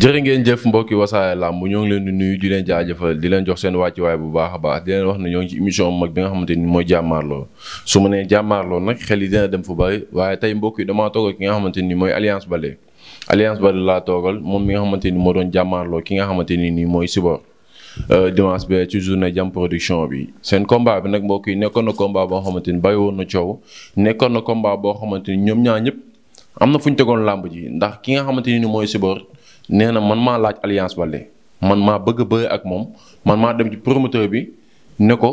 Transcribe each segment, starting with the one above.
jërë ngeen jëf mbokki wasaare làmb ñoo ngi leen di nuyu di leen jaajëfal di leen jox seen wàccuwaay bu baax a baax di leen wax ne ñoo ngi ci émission mag bi nga xamante ni su ma nee jàmmaarloo nag xel yi dina fu bari waaye tey mbokk yi damaa toog ki nga xamante ni mooy Alliance Baldé Alliance Baldé laa toogal moom mi nga xamante moo doon jàmmaarloo ki nga xamante ni nii mooy Sibor euh, dimanche bi ci journée jam production bi seen combat bi nag mbokk yi nekkoon na combat boo xamante ni bàyyi woon na coow nekkoon na combat boo xamante ni ñoom ñaar ñëpp am na fu ñu tegoon làmb ji ndax ki nga xamante ni mooy Sibor nee na man maa laaj Alliance bale man maa bëgg a bëre ak moom man maa dem ci promoteur bi ne ko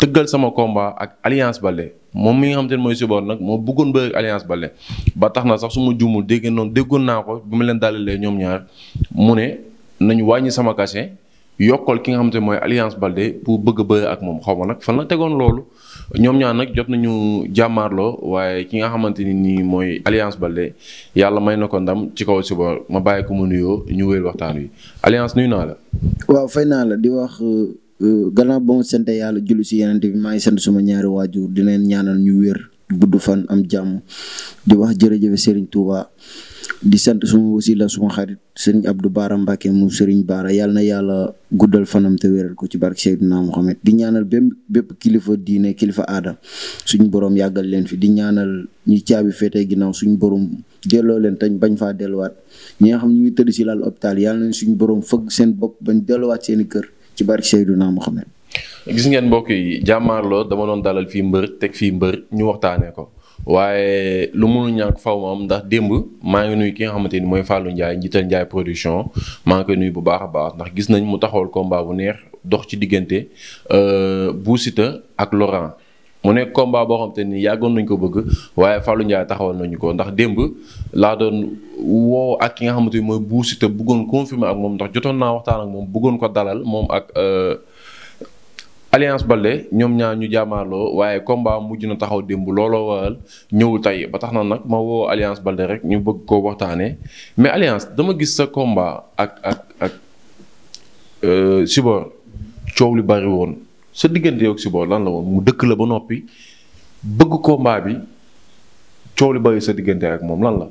tëggal sama combat ak Alliance Baldé moom mi nga xam te ne mooy Sibor nag moo bëggoon bëre ak Alliance Baldé ba tax na sax suma jumul juumul noonu déggoon naa ko bi ma leen dalalee ñoom ñaar mu ne nañu wàññi sama cachet yokkal ki nga xamante ne mooy alliance Balde pour bëgg a bëre ak moom xaw ma nag fan la tegoon loolu ñoom ñaan nag jot nañu jàmmaarloo waaye ki nga xamante ni nii mooy alliance Balde yàlla may na ko ndam ci kaw suba ma bàyyi ko mu nuyoo ñu wéyal waxtaan wi alliance nuyu naa la. waaw fay naa la di wax euh, euh, gannaaw ba ma sant yàlla julli si yeneen bi maa ngi sant suma ñaari waajur di leen ñaanal ñu wér gudd fan am jàmm di wax jërëjëf Serigne Touba. di sant suma la suma xarit ab du Baara Mbacke mu sëriñ Baara yàlla na yàlla guddal fanam te wéral ko ci barke Seydina Mohamed di ñaanal bépp bépp kilifa diine kilifa aada suñu borom yàggal leen fi di ñaanal ñi caabi féetee ginnaaw suñu borom delloo leen tañ bañ faa delluwaat ñi nga xam ñu ngi tëdd si laal hôpital yàlla nañ suñu borom fëgg seen bopp bañ delluwaat seen kër ci barke Seydina Mohamed. gis ngeen mbokk yi jàmmaarloo dama doon dalal fii mbër teg fii mbër ñu waxtaanee ko. waaye lu mënul ñàkk faw ma ndax démb maa ngi nuy ki nga xamante ni mooy Fallou Ndiaye njiital Ndiaye production maa ngi koy nuyu bu baax a baax ndax gis nañ mu taxawal combat bu neex dox ci diggante euh, Bou Siteu ak Laurent mu nekk combat boo xamante ni yàggoon nañ ko bëgg waaye Fallou Ndiaye taxawal nañu ko ndax démb laa doon woo ak ki nga xamante ni mooy Bou bëggoon confirmer ak moom ndax jotoon naa waxtaan ak moom bëggoon ko dalal moom ak. Euh, Alliance Baldé ñoom ñaar ñu jaamaarloo waaye combat mujj na taxaw démb looloo waral ñëwul tey ba tax na nag ma woo Alliance Baldé rek ñu bëgg koo waxtaanee mais Alliance dama gis sa combat ak ak ak euh, Sibor coow li bari woon sa diggante yow ak lan la woon mu dëkk la ba noppi bëgg komba bi coow li bari sa diggante ak moom lan la.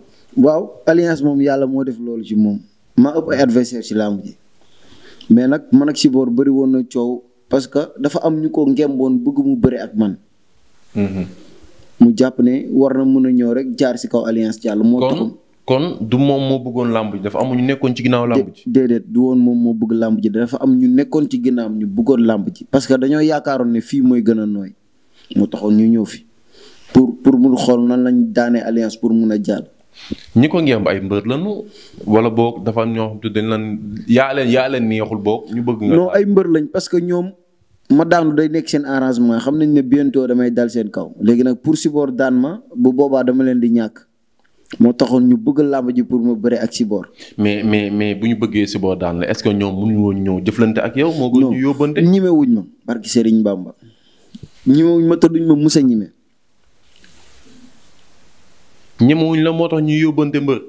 waaw Alliance moom yàlla moo def loolu ci moom maa ëpp ay adversaire ci làmb ji mais nag man ak Sibor bari woon na coow. parce que dafa am ñu ko ngemboon bëgg mu bëre ak man. Mhm. mu jàpp ne war na mën a ñëw rek jaar si kaw alliance Diallo. moo taxoon kon du moom moo bëggoon làmb dafa am nekkoon ci ginnaaw làmb ji. déedéet du woon moom moo bëgg làmb ji dafa am ñu nekkoon ci ginnaaw ñu bëggoon làmb ji. parce que dañoo yaakaaroon ne fii mooy gën a nooy moo taxoon ñu ñëw fi pour pour mu xool nan lañ daanee alliance pour mun a jàll. ñi ko ngemb ay mbër lañu wala boog dafa ñoo xam te dañ yaa leen yaa leen neexul boog ñu bëgg. nga ay mbër lañ parce que ñoom ma daanu day nekk seen arrangement xam nañ ne bientôt damay dal seen kaw léegi nag pour Sibor daan ma bu boobaa dama leen di ñàkk moo taxoon ñu bëgg làmb ji pour ma bëre ak siboor mais mais mais bu ñu bëggee Sibor daan la est que ñoom mënuñu woon ñëw jëflante ak yow. moo gën ñu yóbbante non ñimewuñ ma. barki Serigne Bamba ñimewuñ ma te duñ ma mus a ñime. ñemewuñ la moo tax ñu yóbbante mbër.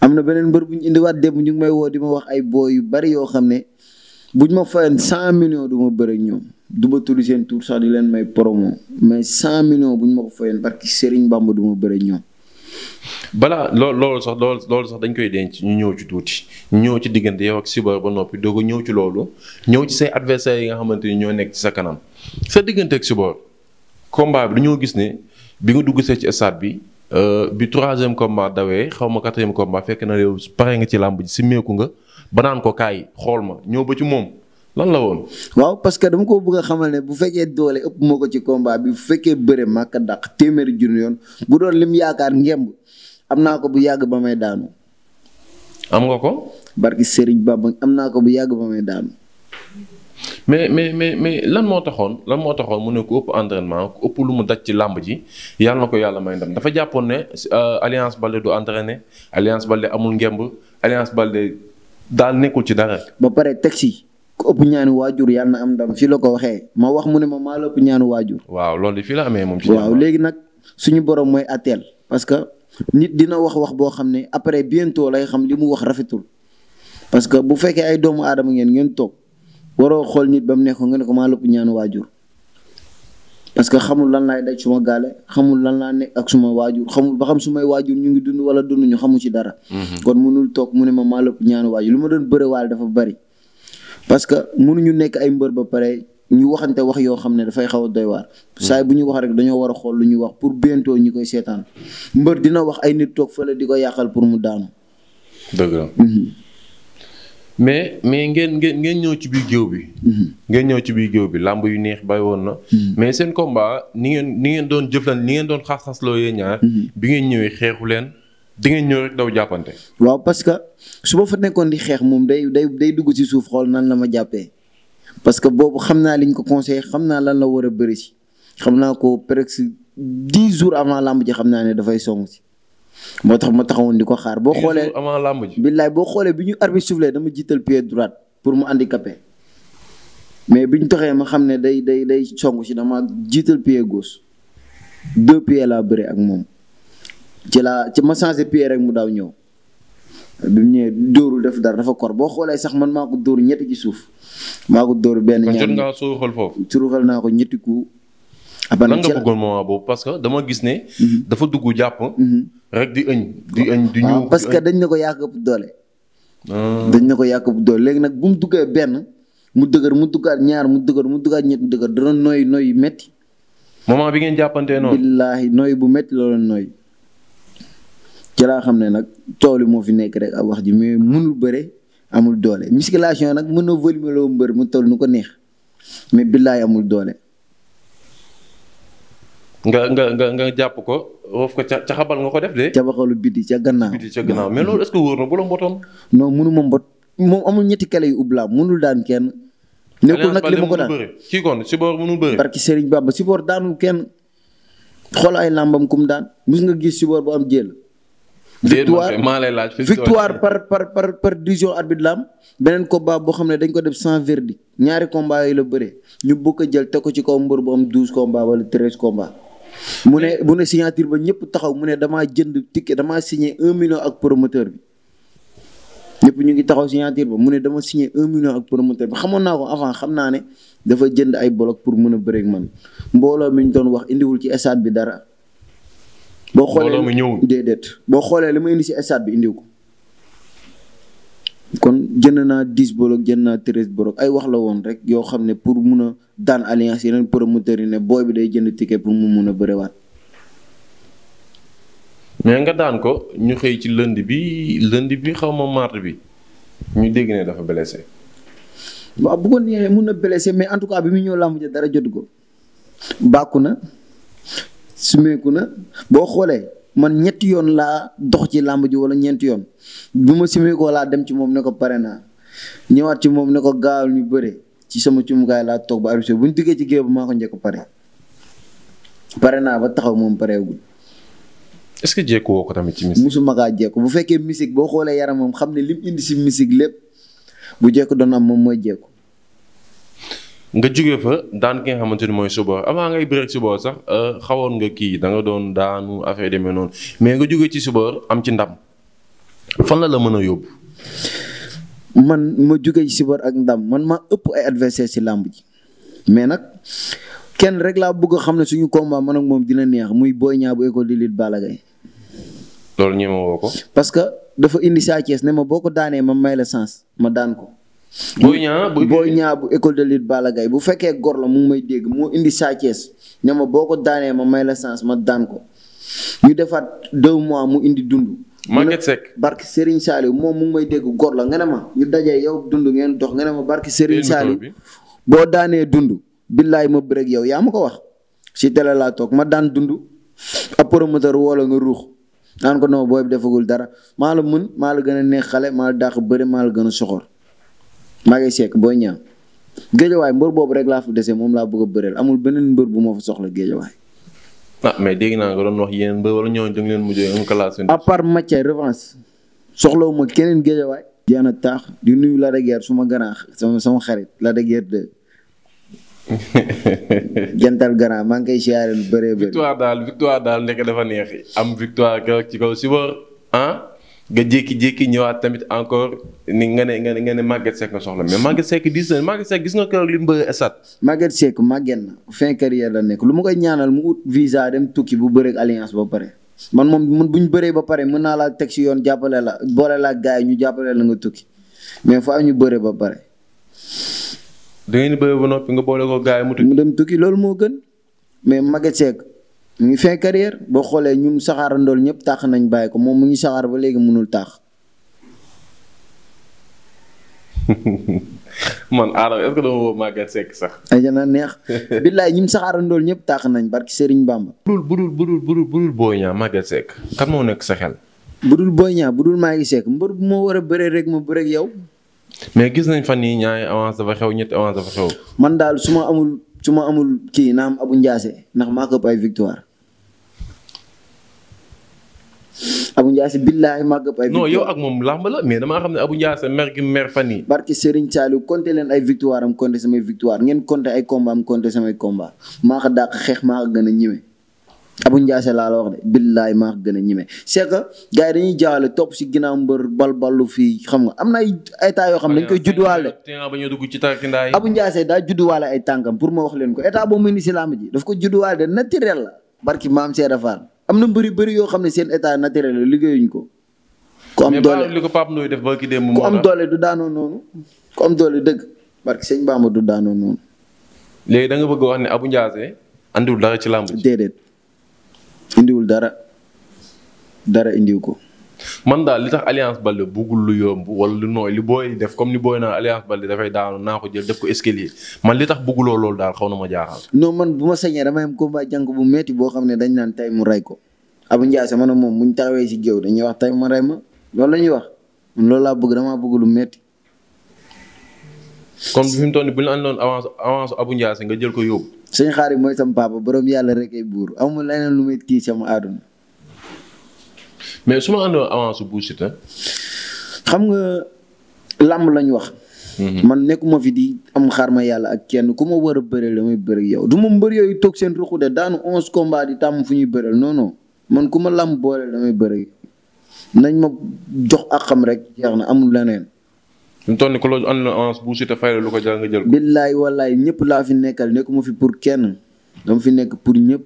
am na beneen mbër bu ñu indiwaat démb ñu ngi may woo di ma wax ay boo yu bari yoo xam ne. bu buñ ma fayoon cent millions du ma bëre ak ñoom du ma tudd seen tour sax di leen may promo mais cent millions buñ ma ko fayoon barki Serigne Bamba du ma bëre ak ñoom. balaa lool loolu sax loolu loolu sax dañ koy denc ñu ñëw ci tuuti ñu ñëw ci diggante yow ak Sibor ba noppi doog a ñëw ci loolu ñëw ci say adversaires yi nga xamante ni ñoo nekk ci sa kanam sa diggante ak Sibor combat bi dañoo gis ne bi nga dugg see ci stade bi. Euh, bi troisième combat dawee xawma ma komba combat fekk na yow pare nga ci làmb ji simmeeku nga ba naan ko kaay xool ma ñëw ba ci moom lan la woon. waaw parce que dama koo bëgg a xamal ne bu fekkee doole ëpp moo ko ci combat bi bu fekkee bëre maa ko dàq téeméeri junni yoon bu doon lim yaakaar ngemb am naa ko bu yàgg ba may daanu. am nga ko. barki Serigne ba am naa ko bu yàgg ba may daanu. mais mais mais mais lan moo taxoon lan moo taxoon mu ne ku ëpp entraînement ku ëpp lu mu daj ci làmb ji yàlla na ko yàlla may ndam dafa jàppoon ne euh, Alliance Baldé du entraîné Alliance Baldé amul ngemb Alliance Baldé daal nekkul ci dara. ba pare taxi. ku ëpp ñaani waajur yàlla na am ndam fii la ko waxee ma wax mu ne ma maa la ëpp ñaani waajur. waaw loolu fii la amee moom ci. waaw léegi nag suñu borom mooy atteel parce que nit dina wax wax boo xam ne après bientôt lay xam li mu wax rafetul parce que bu fekkee ay doomu aadama ngeen ngeen waroo xool nit ba mu nekkoon nga ne ko maa lëpp ñaanu waajur parce que xamul lan laay daj suma gaale xamul lan laa ne ak suma waajur xamul ba xam sumay waajur ñu ngi dund wala dund ñu xamu ci dara. Mm-hmm. kon mënul toog mu ne ma maa lëpp ñaanu waajur lu ma doon bëre waale dafa bari. parce que mënuñu nekk ay mbër ba pare ñu waxante wax yoo xam ne dafay xaw a doy waar. Mm-hmm. saa bu ñu wax rek dañoo war a xool lu ñuy wax pour bientôt ñu koy seetaan mbër dina wax ay nit toog fële di ko yàqal pour mu daanu. dëgg la. Mm-hmm. mais mais ngeen ngeen ngeen ñëw ci biir géew bi. Mhm. ngeen ñëw ci biir géew bi làmb yu neex bay woon na. Mhm. mais seen combat ni ngeen ni ngeen doon jëflan ni ngeen doon xas-xasloo yee ñaar. Mhm. bi ngeen ñëwee xeexu leen di ngeen ñëw rek daw jàppante. waaw parce que su ba fa nekkoon di xeex moom day day day dugg si suuf xool nan la ma jàppee parce que boobu xam naa liñ ko conseillé xam naa lan la war a bëri si xam naa ko presque dix jours avant làmb ji xam naa ne dafay song si. moo tax ma taxawoon di ko xaar boo xoolee avant làmb ji billaay boo xoolee bi ñu arbitre soufflé dama jiital pied droite pour mu handicapé mais bi ñu taxee ma xam ne day day day song si dama jiital pied gauche deux pieds laa bëre ak moom ci laa ci ma changé pied rek mu daaw ñëw bi ñëwee dóorul def dara dafa kor boo xoolee sax man maa ko dóor ñetti ci suuf maa ko dóor benn ñaar jot ngaa suruxal foofu naa ko ñetti ku Ah, ban nga bëggoon moment boobu parce que dama gis ne. Mhm. dafa dugg jàpp. Mhm. rek di ëñ. di ëñ di ñëw que dañ ne ko yàq bu doole. Ah. dañ ne ko yàq bu doole léegi nag bu mu duggee benn mu dëgër mu duggaat ñaar mu dëgër mu duggaat ñett mu dëgër dana nooy nooy yu métti. moment bi ngeen jàppantee noonu. billaahi nooy bu métti la doon nooy. ci laa xam ne nag tool yi moo fi nekk rek ak wax ji mais mënul bëre amul doole musculation nag mën na volume loo mbër mu toll nu ko neex mais billaahi amul doole. nga nga nga jàpp ko woof ko ca xabal nga ko def de. cabaxalu biti ca gannaaw biti ca gannaaw mais mm. loolu est-ce que wóor na bu la mbotoon. non mënu ma mbot moom amul ñetti kale yu ublaam mënul daan kenn. nekkul nag li ma ko daan kii kon Sibor mënul bëri. parce que Serigne Bamba Sibor daanul kenn xool ay làmbam kum daan mus nga gis Sibor bu am jël. victoire maa lay laaj victoire par par par par décision arbitre la am beneen combat boo xam ne dañ ko def sans verdict ñaari combat yooyu la bëree ñu bëgg jël te ko ci kaw mbër bu am douze combat wala treize combat mu ne mu ne signature ba ñëpp taxaw mu ne damaa jënd tikke damaa signé un million ak promoteur bi ñëpp ñu ngi taxaw signature ba mu ne dama signé un million ak promoteur bi xamoon naa ko avant xam naa ne dafa jënd ay bloc pour mën a bëreeg man mbooloo mi ñu doon wax indiwul ci stade bi dara. boo xoolee mbooloo mi ñëwul déedéet boo xoolee li ma indi si stade bi indiw ko. kon jënd naa dix bolok jënd naa treize bolok ay wax la woon rek yoo xam ne pour mun a daan alliance yeneen promoteurs yi ne booy bi day jënd ticket pour mu mun a bëriwaat. mais nga daan ko ñu xëy ci lënd bi lënd bi xaw ma mart bi ñu dégg ne dafa blessé. waaw bu ko neexee mun na blessé mais en tout cas bi mu ñëw làmb ja dara jot ko. bàkku na sumeeku na boo xoolee. man ñetti yoon laa dox ci làmb ji wala ñeenti yoon bu ma simee ko laa dem ci moom ne ko pare naa ñëwaat ci moom ne ko gaawal ñu bëre ci sama cumukaay laa toog ba arrosé bu ñu duggee ci géew ba maa ko njëkk pare pare naa ba taxaw moom pareegul. est-ce que jékku woo ko tamit ci musique. musuma kaa jékku bu fekkee musique boo xoolee yaram moom xam ne lim indi si musique lépp bu jékku doon am moom mooy jékku. nga jóge fa daan ki nga mooy suba avant ngay bëreeg suba sax euh, xawoon nga kii da nga doon daanu affaire demee noonu mais nga jóge ci suba am ci ndam fan la la mën a yóbbu. man ma jóge ci suba ak ndam man ma ëpp ay adversaire ci làmb ji mais nag kenn rek laa bëgg xam ne suñu combat man ak moom dina neex muy booy Niang bu école de lutte loolu ñeme ko. parce que dafa indi saa Thiès ne ma boo ko daanee ma may la sens ma daan ko. Boy Niang Boy bu école de lutte Balla Gaye bu fekkee gor la mu ngi may dégg moo indi Sa Thiès ma boo ko daanee ma may la chance ma daan ko ñu defaat deux mois mu indi dund. Maguette Seck barki Serigne Saliou moom mu may dégg gor la nga ne ma ñu dajee yow dund ngeen dox nga ne barki Serigne Saliou boo daanee dund billaay ma bëreeg yow yaa ma ko wax si télé laa toog ma daan dund ab promoteur wala nga ruux naan ko non booy bi defagul dara maa la mën maa la gën a neex xale maa la dàq bëri maa la gën a soxor. maa Maguette Seck Boy Niang géejawaay mbër boobu rek laa fu desee moom laa bëgg a bëreel amul beneen mbër bu ma fa soxla géejawaay. ah mais dégg naa nga doon wax yéen mbër wala ñooñu da nga leen mujjee am classe. à part Mathia keneen géejawaay. jeex na di nuyu Lac de Guiers suma grand sama sama xarit la de Guiers 2. jantal grand maa ngi koy siyaare bëree bëri. victoire daal daal nekk dafa neex am victoire ci kaw suba nga jékki-jékki ñëwaat tamit encore ni nga ne nga ne nga ne Maguette soxla mais Maguette Seck dis na Maguette Seck gis nga keroog li mu bëri estat. Maguette Seck màgget na fin carrière la nekk lu mu koy ñaanal mu ut visa dem tukki bu bëreeg alliance ba pare. man moom mun bu ñu bëree ba pare mën naa laa teg si yoon jàppale la boole laa gars ñu jàppale la nga tukki mais faa ñu bëree ba pare. da ngeen di bëree ba noppi nga boole ko gars mu tukki. tukki loolu moo gën mais Maguette Seck mu ngi fin boo xoolee ñum saxaarandool ñëpp tàq nañ bàyyi ko moom mu ngi saxaar ba léegi mënul tàq. man Adama est dama woo Maguette Seck sax. ayca na neex. billaay ñum saxaarandool ñëpp tàq nañ barki Serigne Bamba. budul budul budul budul budul Boy Niang Maguette Seck kan moo nekk sa xel. budul Boy Niang budul Maguette Seck mbër bu ma war a bëree rek ma bëreeg yow. mais gis nañ fan yii ñaari avance dafa xew ñetti avance dafa xew. man daal su ma amul. su ma amul kii na am Abu Ndiassé ndax maa ko ay victoire. Abu Ndiassé billaahi maa ko ay. victoire non yow ak moom làmb la mais damaa xam ne Abu Ndiassé mer gi mer fan yii. barke Serigne Saliou compté leen ay victoire am compté samay victoire ngeen compté ay combat am compté samay combat maa ko dàq xeex maa ko gën a ñëwee. Abu Ndiassé laa la wax de billaay maa gën a ñime c'est que gars yi dañuy jaawale topp si ginnaaw mbër balbalu fii xam nga am na ay ay taa yoo xam dañ koy judduwaale. Abu Ndiassé daa judduwaale ay tànkam pour ma wax leen ko état boobu muy ni si làmb ji daf ko judduwaale de naturel la barki maam Seera Fall am na mbëri bëri yoo xam ne seen état naturel la liggéeyuñ ko. ku am doole ko Pape Ndoye def ba ki démb ku am doole daanoo noonu ku am doole dëgg barki sëñ Bamba du daanoo noonu. léegi da nga bëgg wax ne Abu Ndiassé andiwul dara ci làmb ji déedéet indiwul dara dara indiw ko. man daal li tax alliance Baldé buggul lu yomb wala lu nooy li booy def comme li booy naa alliance Baldé dafay daanu naa ko jël def ko escalier man li tax bugguloo loolu daal xaw na ma jaaxal. non man bu ma sañee damay am combat jànk bu metti boo xam ne dañ naan tay mu rey ko Abou Ndiassé man moom bu ñu taxawee si géew dañuy wax tay ma rey ma loolu la ñuy wax man loolu laa bëgg damaa bëgg lu metti kon fi mu toll bu ñu la andoon avance avance nga jël ko yóbbu. sëñ yi mooy sama papa borom yàlla rek ay buur amul leneen lu may tii sama àdduna. mais su ma àndoon avance Bou Siteu xam nga làmb lañu wax. Mhm. man nekkuma fi di am xaar ma yàlla ak kenn ku ma war a bëreel damay bëri yow du ma mbër yooyu toog seen ruxu de daanu onze combat di tàmm fu ñuy bëreel noonu man ku ma làmb booleel damay bëri nañ ma jox ak xam rek jeex na amul leneen. ñu toll nii ku la am na ans bu Siteu fay lu ko jël nga jël ko. billaay wallaay ñëpp laa fi nekkal nekkuma fi pour kenn dama fi nekk pour ñëpp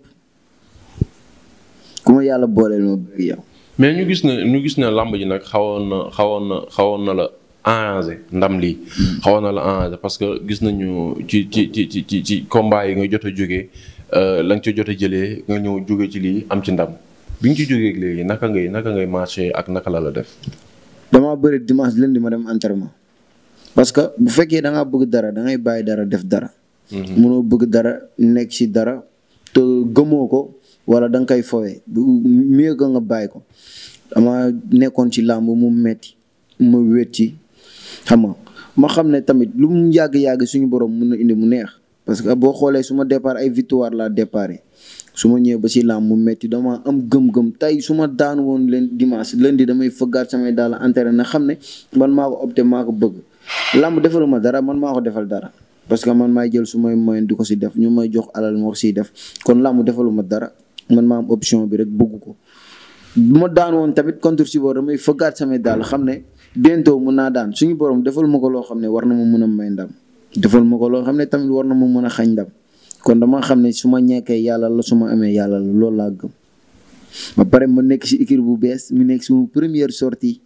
ku ma yàlla booleel ma bëgg yow. mais ñu gis ne ñu gis ne làmb ji nag xawoon na xawoon na xawoon na la enrangé ndam lii. xawoon na la enrangé parce que gis nañu ci ci ci ci ci ci combat yi nga jot a jógee euh, la nga ci jot a jëlee nga ñëw jóge ci lii am ci ndam bi nga ci jógee léegi naka ngay naka ngay marché ak naka la la def. damaa bëri dimanche lundi ma dem entraînement. parce que bu fekkee da bëgg dara da ngay bàyyi dara def dara. mënoo mhm. bëgg dara nekk ci dara te gëmoo ko wala danga nga koy fowee mieux que nga bàyyi ko dama nekkoon si làmb mu metti ma wét ci xam nga ma xam ne tamit lu mu yàgg yàgg suñu borom mun na indi mu neex parce que boo xoolee suma ma départ ay victoire laa départ su ma ñëwee ba si làmb mu metti dama am gëm-gëm tey su ma daan woon leen dimanche lundi damay fëggaat samay daal entere na xam ne man maa ko opté maa ko bëgg. lamb defaluma dara man maa ko defal dara parce que man maay jël su may moyen di ko si def ñu may jox alal moo siy def kon lamb defaluma dara man maa am option bi rek bëgg ko. bu ma daan woon tamit contre Sibor damay fëggaat samay daal xam ne bientôt mun naa daan suñu borom defal ma ko loo xam ne war na ma mun a may ndam ma ko loo xam ne tamit war na ma mën a xañ ndam kon dama xam ne su ma ñekkee yàlla la su ma amee yàlla loolu laa gëm ba pare ma nekk si équipe bu bees mu nekk suma première sortie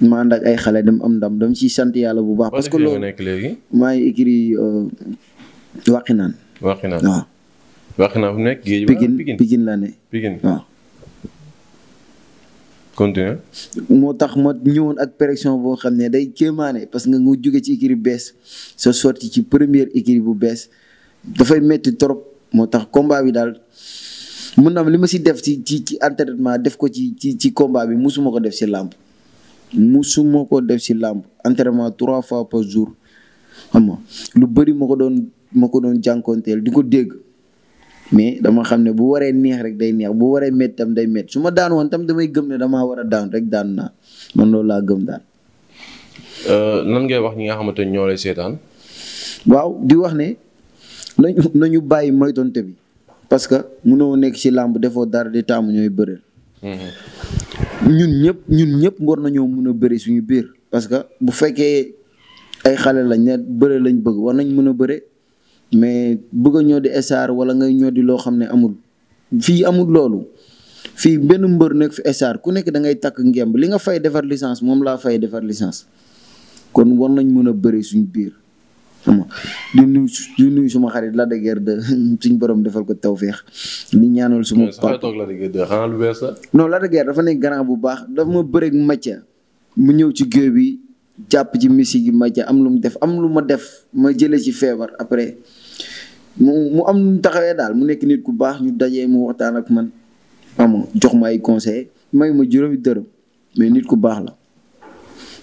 ma ànd ak ay xale dam am ndam dama ci sant yàlla bu baax. parce que loolu nekk léegi. maa ngi écrit euh, Waxinaan. Waxinaan waaw. Waxinaan fu nekk géej laa ne. moo tax ma ñëwoon ak pression boo xam ne day kéemaane parce que nga jóge ci écrit bees sa sorti ci première écrit bu bees dafay metti trop moo tax combat bi daal. mun na am li ma si def ci ci ci entraînement def ko ci ci ci combat bi musuma ko def ci làmb musuma ko def si làmb entraînement trois fois par jours xam nga lu bëri ma ko doon ma ko doon jànkoonteel di ko dégg mais dama xam ne bu waree neex rek day neex bu waree métti tam day métti su ma daan woon tam damay gëm ne damaa war a daan rek daan naa man loolu laa gëm daal. Euh, nan ngay wax ñi nga xamante ñoo lay seetaan. waaw di wax ne nañu nañu bàyyi moytonte bi parce que mënoo nekk ci làmb defoo dara di taamu ñooy bëreel. Mm-hmm. ñun ñëpp ñun ñëpp war nañoo mën a bëri suñu biir parce que bu fekkee ay xale lañ ne bëre lañ bëgg war nañ mën a bëre mais bëgg a ñoo di esaar wala ngay ñoo loo xam ne amul fii amul loolu fii benn mbër nekk fi esaar ku nekk da ngay takk ngemb li nga fay defar licence moom laa fay defar licence kon war nañ mën a bëri suñu biir. xam nga di nuyu suma xarit Lac de Guiers 2 suñ borom defal ko tawféex di ñaanal suma. papa toog Lac de la. non Lac de Guiers dafa nekk grand bu baax dafa ma bëreeg Mathia mu ñëw ci géew bi jàpp ci musique gi Mathia am lu mu def am lu ma def ma jëlee ci feebar après mu am lu taxawee daal mu nekk nit ku baax ñu dajee mu waxtaan ak man xam jox ma ay conseil may ma juróomi dërëm mais nit ku baax la.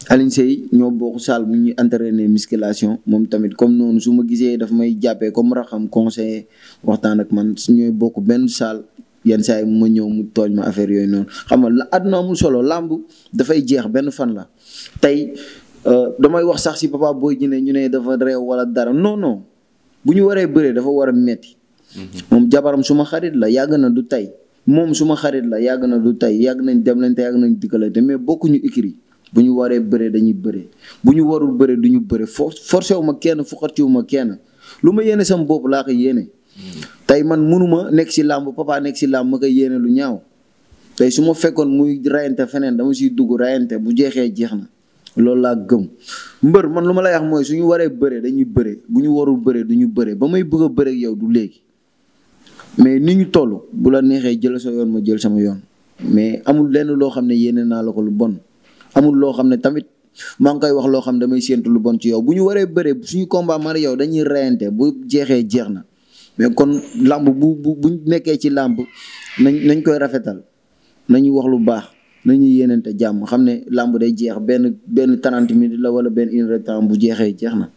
Alioune Seye ñoo bokk salle bu ñuy entraîner musculation moom tamit comme noonu su ma gisee dafa may jàppee comme raxam conseiller waxtaan ak man ñooy bokk benn salle yenn saa yi ma ñëw mu tooñ ma affaire yooyu noonu xamal nga la àdduna amul solo làmb dafay jeex benn fan la tey euh, damay wax sax si Papa Boy Djiné ñu ne dafa réew wala dara non bu ñu waree bëree dafa war a metti mhm. moom jabaram suma xarit la yàgg na du tey moom suma xarit la yàgg na du tey yàgg nañ demlante yàgg nañ dikkalante mais bokkuñu ikiri bu ñu waree bëre dañuy bëre bu ñu warul bëre du ñu bëre for forcé wu ma kenn fuxatiwu ma kenn lu ma yéene sama bopp laa ko yéene. tey man munuma nekk si làmb papa nekk si làmb ma koy yéene lu ñaaw. tey su ma fekkoon muy rayante feneen dama siy dugg rayante bu jeexee jeex na loolu laa gëm. mbër man lu ma la wax mooy su ñu waree bëre dañuy bëre bu ñu warul bëre du ñu bëre ba may bëgg a bëre yow du léegi mais ni ñu toll bu la neexee jël sa yoon ma jël sama yoon mais amul lenn loo xam ne yéene naa la ko lu bon. amul loo xam ne tamit maa ngi koy wax loo xam ne damay séentu lu bon ci yow bu ñu waree bëree suñu combat man yow dañuy reyante bu jeexee jeex na mais kon làmb bu bu bu nekkee ci làmb nañ nañ koy rafetal nañu wax lu baax nañu yéenante jàmm xam ne làmb day jeex benn benn trente minutes la wala benn une heure temps bu jeexee jeex na.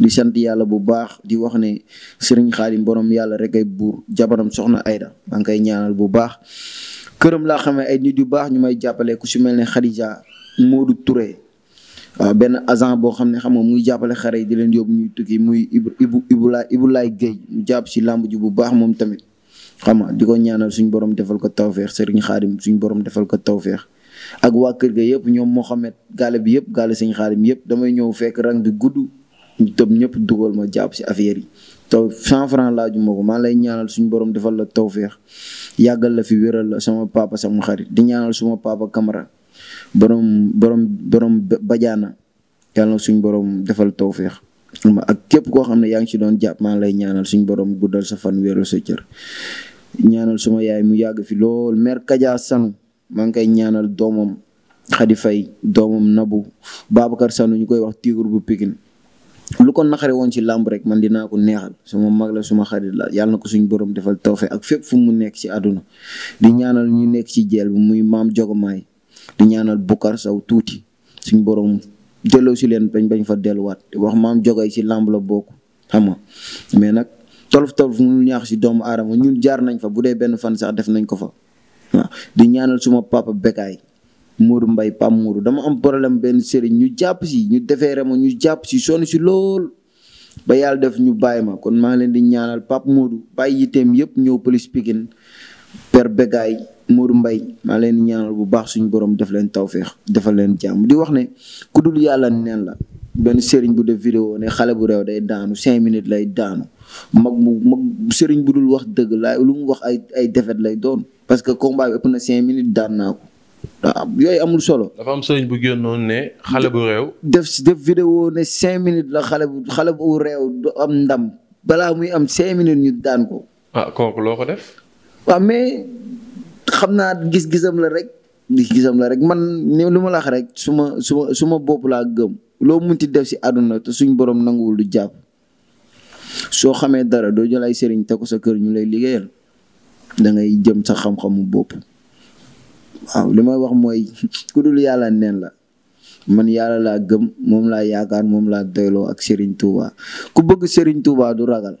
di sant yàlla bu baax di wax ne sëriñ Xaadim borom yàlla rek ay buur jabaram soxna Ayda maa ngi koy ñaanal bu baax këram laa xamee ay nit yu baax ñu si mel ne Xadija du Touré waaw benn agent boo xam ne xam nga muy jàppale xare yi di leen yóbbu ñuy tukki muy Ibu Ibu Ibulaay Ibulaay mu jàpp si làmb ji bu baax moom tamit xam nga di ko ñaanal suñu borom defal ko tawféex Serigne Xaadim suñu borom defal ko tawféex ak waa kër ga yëpp ñoom Mohamed gaale bi yëpp gaale Serigne Xaadim yëpp damay ñëw fekk rang bi gudd ñu tëb ñëpp dugal ma jàpp si affaire yi. taw 100 laaju ma ko lay ñaanal suñu borom defal la tawféex yàggal la fi wéral la sama papa sama xarit di ñaanal suma papa kamara borom borom borom bajaana yàlla na suñ borom defal tawféex ak képp koo xam ne yaa ngi ci doon jàpp maa lay ñaanal suñ borom guddal sa fan wéeral sa cër ñaanal suma yaay mu yàgg fi lool mère Kaja Sanu maa ngi koy ñaanal doomam Xadi Fay doomam Nabu Babacar Sanu ñu koy wax tigre bu Pikine lu ko woon ci làmb rek man dinaa ko neexal suma mag la suma xarit la yàlla na ko suñ borom defal tawfe ak fépp fu mu nekk ci àdduna di ñaanal ñu nekk ci jeel bi muy maam jogomaay di ñaanal Boucar Sow tuuti suñ borom delloo si leen bañ bañ fa delluwaat wax maam jogay si làmb la bokk xam mais nag tolof tolof mu ñaax si doomu aadama ñun jaar nañ fa bu dee benn fan sax def nañ ko fa waaw di ñaanal suma papa Bekaay Modou mbay Pam muur dama am problème benn sëriñ ñu jàpp si ñu defee rema ñu jàpp si sonn si lool ba yàlla def ñu bàyyi ma kon maa ngi leen di ñaanal Pape Modou bàyyi yitteem yëpp ñëw police Pikine per Bekaay Modou Mbaye maa leen ñaanal bu baax suñu borom def leen tawféex defal leen jàmm di wax ne ku dul yàlla neen la benn sëriñ bu def vidéo ne xale bu réew day daanu cinq minutes lay daanu mag mu mag sëriñ bu dul wax dëgg laay lu mu wax ay ay defet lay doon parce que combat na cinq minutes daan naa ko yooyu amul solo. am sëriñ bu génnoon ne xale bu réew. def def vidéo ne cinq minutes la xale bu xale bu réew du am ndam balaa muy am cinq minutes ñu daan ko. ah kooku loo ko def. waaw mais xam naa gis-gisam la rek gis-gisam la rek man ni lu ma la wax rek su ma su ma su bopp laa gëm loo munti def si àdduna te suñ borom nanguwul du jàpp soo xamee dara doo jël ay sëriñ te sa kër ñu lay liggéeyal da ngay jëm sa xam-xamu bopp lu may wax mooy ku dul yàlla neen la man yàlla laa gëm moom laa yaakaar moom laa doyloo ak sëriñ Touba ku bëgg sëriñ Touba du ragal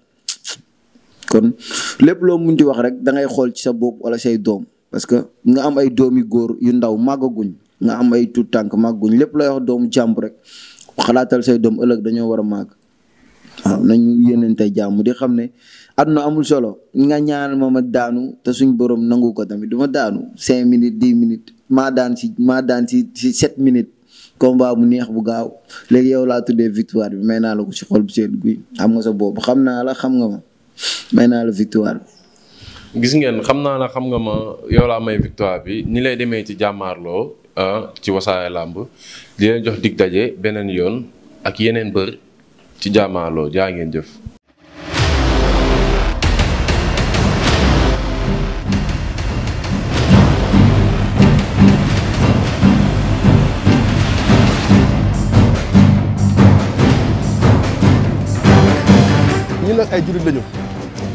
kon lépp loo munti wax rek dangay xool ci sa bopp wala say doom. parce que nga am ay doomi góor yu ndaw màggaguñ nga am ay tuut tànk màgguñ lépp lay wax doomu jàmb rek xalaatal say doom ëllëg dañoo war a màgg waaw nañu yéenante jàmm di xam ne àdduna amul solo nga ñaan ma ma daanu te suñ borom nangu ko tamit duma daanu cinq minutes dix minutes maa daan si maa daan si si sept minutes combat bu neex bu gaaw léegi yow laa tuddee victoire bi may naa la ko si xol bu sedd guy xam nga sa boobu xam naa la xam nga ma may naa la victoire gis ngeen xam naa la xam nga ma yow may victoire bi ni lay demee ci jàmmaarloo ah, ci wasaare làmb di leen jox dig daje beneen yoon ak yeneen bër ci jàmmaarloo jaa ngeen jëf.